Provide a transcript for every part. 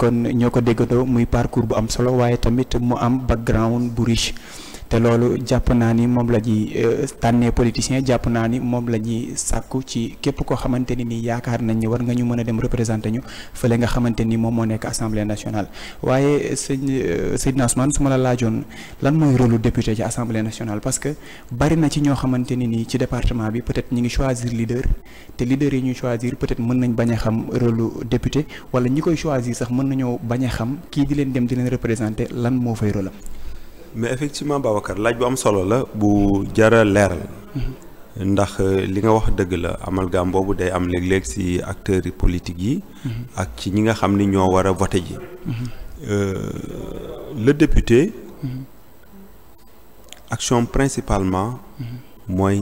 kon ñoo ko déggandoo muy parcours bu am solo waaye tamit mu am background bu riche te loolu jàpp naa ni moom la ñuy euh, tànnee politicien jàpp naa ni moom la ñuy sàkku ci képp koo xamante ni nii yaakaar nañ ni war nga ñu mën a dem représenté ñu fële nga xamante ni moom moo nekk assemblée nationale waaye euh, sëñ euh, Seydina Ousmane su ma la laajoon lan mooy rôle député ci assemblée nationale parce que bari na ci ñoo xamante ni nii ci département bi peut-être ñi ngi choisir leader te leader yi ñuy choisir peut-être mën nañ bañ a xam rôle député wala ñi koy choisir sax mën nañoo bañ a xam kii di leen dem di leen représenté lan moo fay mais effectivement Babacar laaj bu am solo la bu jara leeral ndax li nga wax dëgg la amalgame boobu day am léeg-léeg ci acteurs yi politique yi ak ci ñi nga xam ni ñoo war a voté ji euh, le député action principalement mooy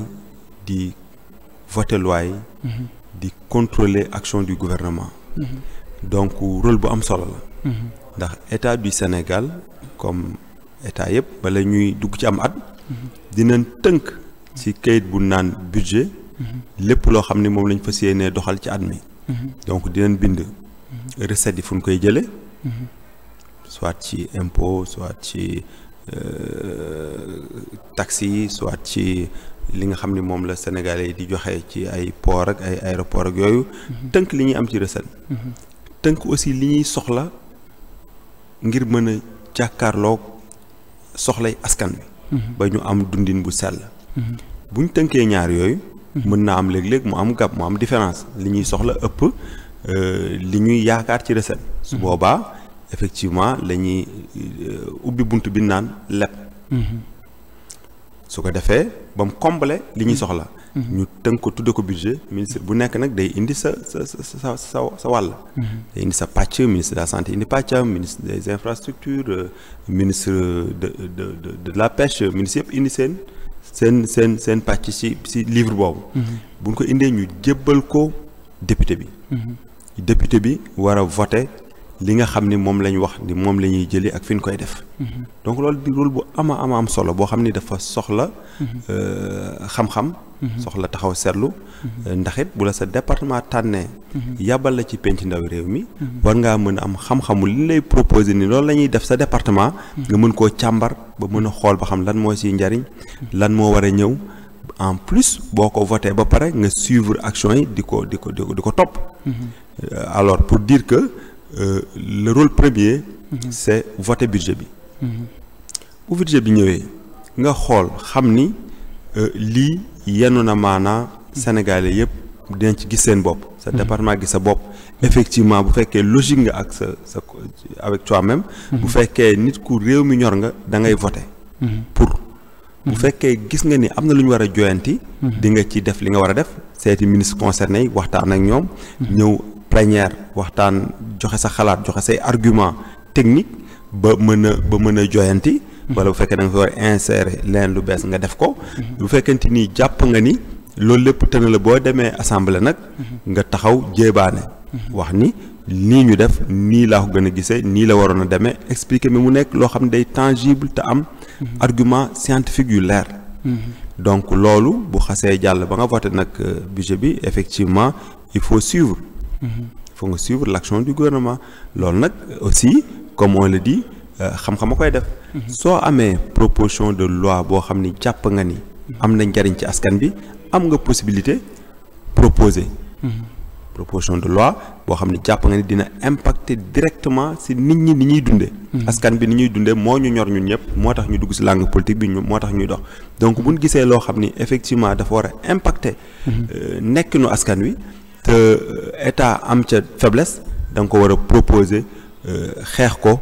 di voté loi di contrôler action du gouvernement donc rôle bu am solo la ndax état du Sénégal comme état yëpp bala ñuy dugg ci am at. dinañ tënk ci kayit bu naan budget. lépp loo xam ne moom lañ fas yéenee doxal ci at mi. donc dinañ bind. recettes yi fu ñu koy jëlee. soit ci impo soit ci euh, taxes soit ci li nga xam ne moom la Sénégalais yi di joxe ci ay port ak ay aéroport ak yooyu. tënk li ñuy am ci recette. tënk aussi li ñuy soxla ngir mën a jàkkaarloog. soxlay askan wi. Mhm. ba ñu am dundin bu sell. Mhm. bu ñu tënkee ñaar yooyu. Mhm. mën naa am léeg-léeg mu am gab mu am différence li ñuy soxla ëpp euh, li ñuy yaakaar ci recette. su boobaa effectivement lañuy euh, ubbi bunt bi naan leb. su ko defee ba mu li ñuy soxla. ñu tënk ko tudde ko budget ministre bu nekk nag day indi sa sa sa sa wàll mhm. day indi sa pàcc ministre de la santé indi pàccam ministre des infrastructures euh, ministre de de de la pêche ministre yëpp indi seen seen seen seen pàcc ci ci livre boobu mhm. buñ ko indee ñu jébbal ko député bi mhm. député bi war a li nga xam ni moom lañ wax ni moom la ñuy jëlee ak fi ñu koy def. Mhm. donc loolu di rôle bu ama ama am solo boo xam ni dafa soxla. Mhm. Euh, xam-xam. Mhm. soxla taxaw seetlu. Euh, ndax it bu la sa département tànnee. yàbbal la ci penc ndaw réew mi. war ngaa mën a am xam-xamu li lay proposé ni loolu la ñuy def sa département. nga mën koo càmbar ba mën a xool ba xam lan moo si njariñ. lan moo war a ñëw. en plus boo ko votee ba pare nga suivre action yi di ko di ko di ko topp. Euh, Euh, le rôle premier. Mhm. c'est voter budget bi. Mhm. bu budget bi ñëwee nga xool xam ni euh, lii yenu na maanaa sénégalais yëpp dinañ ci gis seen bopp. sa mhm. département gis sa bopp. effectivement bu fekkee logique nga ak sa sa avec toi-même. bu fekkee nit ku réew mi ñor nga dangay ngay voter. pour bu fekkee gis nga ni am na lu ñu war a joyanti. di nga ci def li nga war a def seeti ministre concerné yi waxtaan ak ñoom. ñëw plénière waxtaan joxe sa xalaat joxe say argument technique ba mën a ba mën a joyanti wala bu fekkee da nga fa war insérer leen lu bees nga def ko mhm. bu fekkente ni jàpp nga ni loolu lépp tëna la boo demee assemblée nag mhm. nga taxaw jéebaane mhm. wax ni nii ñu def nii laa ko gën a gisee nii la waroon a demee expliquer mi mu nekk loo xam ne day tangible te am argument scientifique yu leer donc loolu bu xasee jàll ba nga voté nag euh, budget bi effectivement il faut suivre faut nga suivre l' action du loolu nag aussi comme on le dit euh, xam-xam a koy def soo amee proposion de loi boo xam ni jàpp nga ni am na njariñ ci askan bi am nga possibilité proposer proposition de loi boo xam ne jàpp nga ni dina impacter directement si nit ñi ni ñuy dundee askan bi ni ñuy dundee moo ñu ñor ñun ñëpp moo tax ñu dugg si langue politique bi ñu moo tax ñuy dox donc buñ gisee loo xam ni effectivement dafa war a mhm. euh, nekkinu askan wi te euh, état am ca faiblesse da nga ko war a euh, xeex ko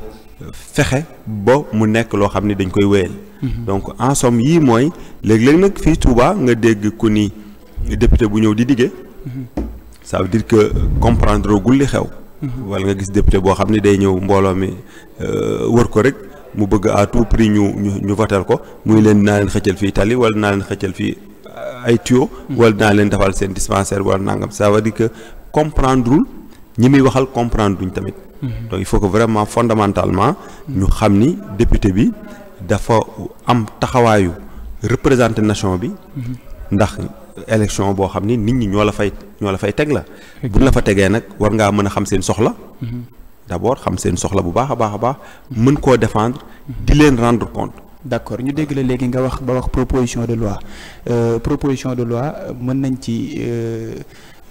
fexe ba mu nekk loo xam ne dañ koy wéyal. Mhm. donc en somme yii mooy léegi léeg nag fii Touba nga dégg ku ni député bu ñëw di diggee. Mhm. ça veut que comprendre gul li xew. Mhm. wala nga gis député boo xam ne day ñëw mbooloo mi euh, war ko rek mu bëgg à tout prix ñu ñu ñu votel ko muy leen naa leen xëccal fii tali wala naa leen xëccal fii ay tuyaux. wala dinaa leen defal seen dispensaire wala nangam ça veut que comprendre ñi muy waxal comprendre duñ tamit. Mhm. donc il faut que vraiment fondamentalement ñu xam ni député bi dafa am taxawaayu représenter nation bi. Mhm. ndax élection boo xam ni nit ñi ñoo la fay ñoo la fay teg la. buñ la fa tegee nag war ngaa mën a xam seen soxla. Mhm. d' abord xam seen soxla bu baax a baax a baax. mën koo défendre di leen rendre compte. d'accord ñu dégg la léegi nga wax ba wax proposition de loi euh, de loi mën nañ ci euh,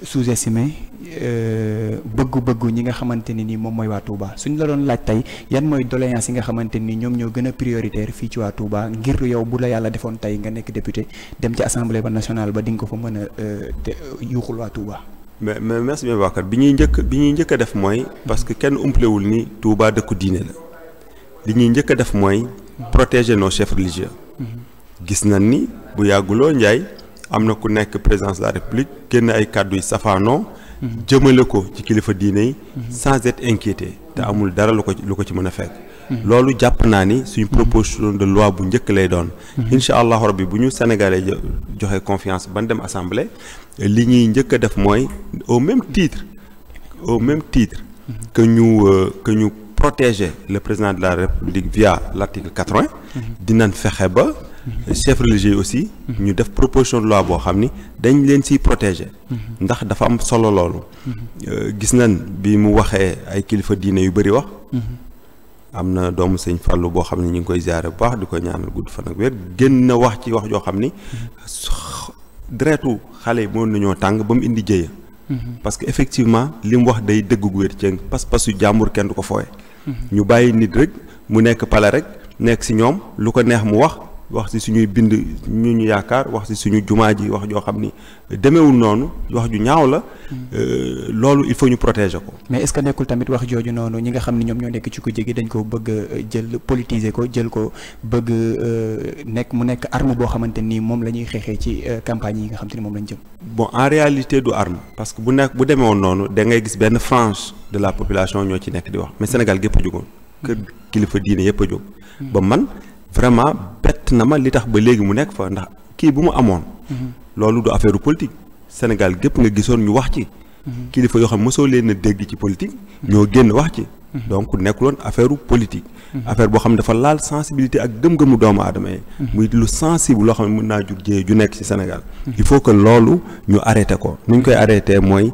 sous-estimer euh, bëggu-bëggu ñi nga xamante ne ni moom mooy waa Touba suñ la doon laaj tey yan mooy doléance si nga xamante ni ñoom ñoo gën a prioritaire fii ci waa Touba ngir yow bu la yàlla defoon tey nga nekk député dem ci assemblée ba nationale ba di nga ko fa mën a euh, yuuxul waa Touba. mais mais merci bien Bakar bi ñuy njëkk bi ñuy njëkk a def mooy parce que kenn umpalewul ni Touba dëkku diine la li ñuy njëkk a def mooy. protéger nos chefs religieux gis na ni bu yàgguloo Njaay am na ku nekk présidence de la république génn ay kàddu yi safaanoo jëmale ko ci kilifa diine yi sans être inquiété te amul dara lu ko lu ko ci mën a fekk loolu jàpp naa ni suñ proposition de loi bu njëkk lay doon incha allahu rabbi bu ñu sénégalais joxe confiance ban dem assemblée li ñuy njëkk a def mooy au même titre au même titre que ñu euh, que ñu protéger le président de la république via l'article quatre-vingt dinañ fexe ba chef religieux aussi ñu def proposition de loi boo xam ni dañ leen siy protégé ndax dafa am solo loolu euh, gis nañ bi mu waxee ay kilifa diine yu bëri wax am na doomu sëñ Fallou boo xam ne ñu ngi koy ziare bu baax di ko ñaanal gudd fan ak génn na wax ci wax joo xam ni deretu xale yi mën nañoo tàng ba mu indi jëye parce que effectivement li mu wax day dëgg gu wér ci pas-pasu jàmbur kenn du ko ñu bàyyi nit rek mu nekk pale rek nekk ci ñoom lu ko neex mu wax wax si suñuy bind ñu ñu yaakaar wax si suñu jumaa ji wax joo xam ni demeewul noonu wax ju ñaaw la. Euh, loolu il faut ñu protéger ko. mais est-ce que nekkul tamit wax jooju noonu ñi nga xam ne ñoom ñoo nekk ci ko jege dañ ko bëgg euh, jël politiser ko jël ko bëgg euh, nekk mu nekk arme boo xamante nii moom la ñuy xeexee ci campagne yi nga xam te ni moom lañ jëm. bon en réalité du arme parce que bu nekk bu demee woon noonu da ngay gis benn frange de la population ñoo ci nekk di wax mais Sénégal gépp a jógoon. Mm-hmm. kilifa diine yëpp a jóg. Mm-hmm. ba man. vraiment bett na ma li tax ba léegi mu nekk fa ndax kii bu mu amoon. Mm-hmm. loolu du affaire politique Sénégal gépp nga gisoon ñu wax ci. Mm-hmm. kilifa yoo xam mosoo leen a dégg ci politique. Mm-hmm. ñoo génn wax ci. donc nekkuloon affaire politique. affaire boo xam ne dafa laal sensibilité ak gëm-gëmu doomu aadama yi. muy lu sensible loo xam ne mën naa jur jëye ju nekk ci Sénégal. il faut que loolu ñu arrêté ko nu koy arrêté mooy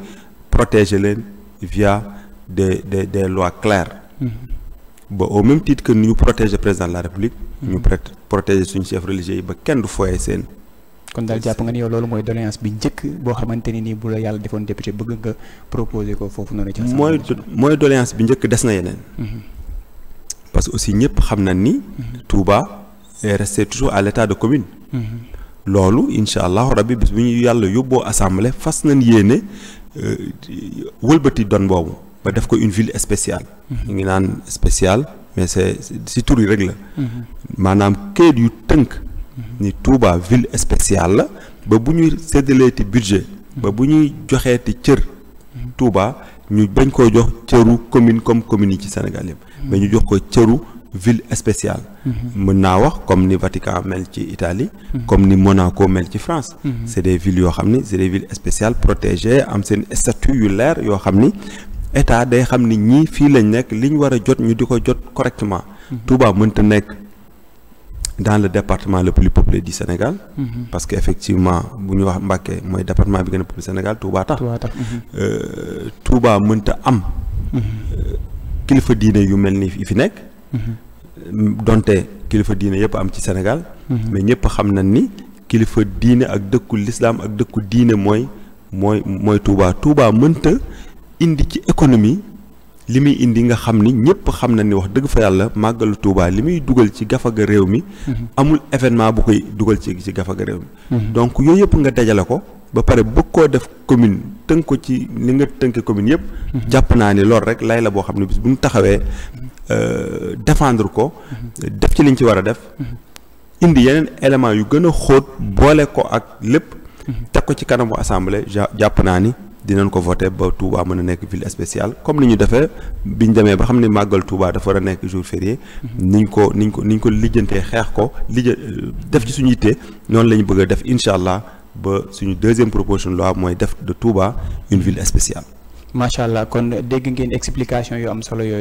protéger leen via des des des lois claires. ba au même titre que ñu protéger président de la république. ñu mm-hmm. protéger suñu chef religieux yi ba kenn du fooyee seen. kon daal jàpp nga ni yow loolu mooy doléance bi njëkk boo xamante ni nii bu la yàlla defoon député bëgg nga proposer ko foofu noonu. ci mooy doléance bi njëkk des na yeneen. Mm-hmm. parce aussi ñëpp xam na ni. Mm-hmm. Touba est resté toujours à l'état de commune. loolu incha allahu rabbi bis bu ñu yàlla yóbboo assemblée fas nañ yéene euh, wëlbati don boobu. ba def ko une ville spéciale. mu mhm. ngi naan spéciale mais c'est si tur rek la. Mhm. maanaam kayit yu tënk. Mhm. ni Touba ville spéciale la ba bu ñuy ti budget. ba bu ñuy joxee ti cër. Touba ñu bañ koo jox cëru commune comme commune yi ci Sénégal yëpp. mais ñu jox ko cëru ville spéciale. mën naa wax comme ni Vatican mel ci Italie. comme ni Monaco mel ci France. c'est des villes yoo xam ni c'est des villes spéciales protégées am seen statut yu leer yoo xam ni. état day xam ni ñii fii lañ nekk li ñu war a jot ñu di ko jot correctement. Mhm. Touba mënta nekk dans le département le plus di du Sénégal. Mhm. parce que effectivement bu ñu wax Mbacké mooy département bi gën a peuplé Sénégal Touba tax. Touba tax mhm. euh, Touba mënta am. kilifa diine yu mel ni fi nekk. donte kilifa diine yëpp am ci Sénégal. mais ñëpp xam na ni kilifa diine ak dëkku lislaam ak dëkku diine mooy mooy mooy tuuba Touba mënta. indi ci économie li muy indi nga xam ni ñëpp xam na ni wax dëgg fa yàlla màggalu Tuubaa li muy dugal ci gafaga réew mi mhm. amul événement bu koy dugal ci ci gafaga réew mi mhm. donc yooyu yëpp nga dajale ko ba pare bëgg koo def commune tënk ko ci li nga tënke commune yëpp mhm. jàpp naa ni loolu rek lay la boo xam ne bis bu ñu taxawee euh, défendre ko def ci liñ ci war a def indi yeneen élément yu gën a xóot boole ko ak lépp teg ko ci kanamu assemblée jàpp naa ni dinañ ko voté ba Touba mën a nekk ville spéciale comme ni ñu defee biñ demee ba xam ne màggal Touba dafa war a nekk jour férié niñ ko niñ ko niñ ko lijjantee xeex ko lijja def ci suñu yittee noonu la ñu bëgg a def incha allah ba suñu deuxième proposition de mooy def de Touba une ville spéciale. macha allah kon dégg ngeen explication yu am solo yooyu.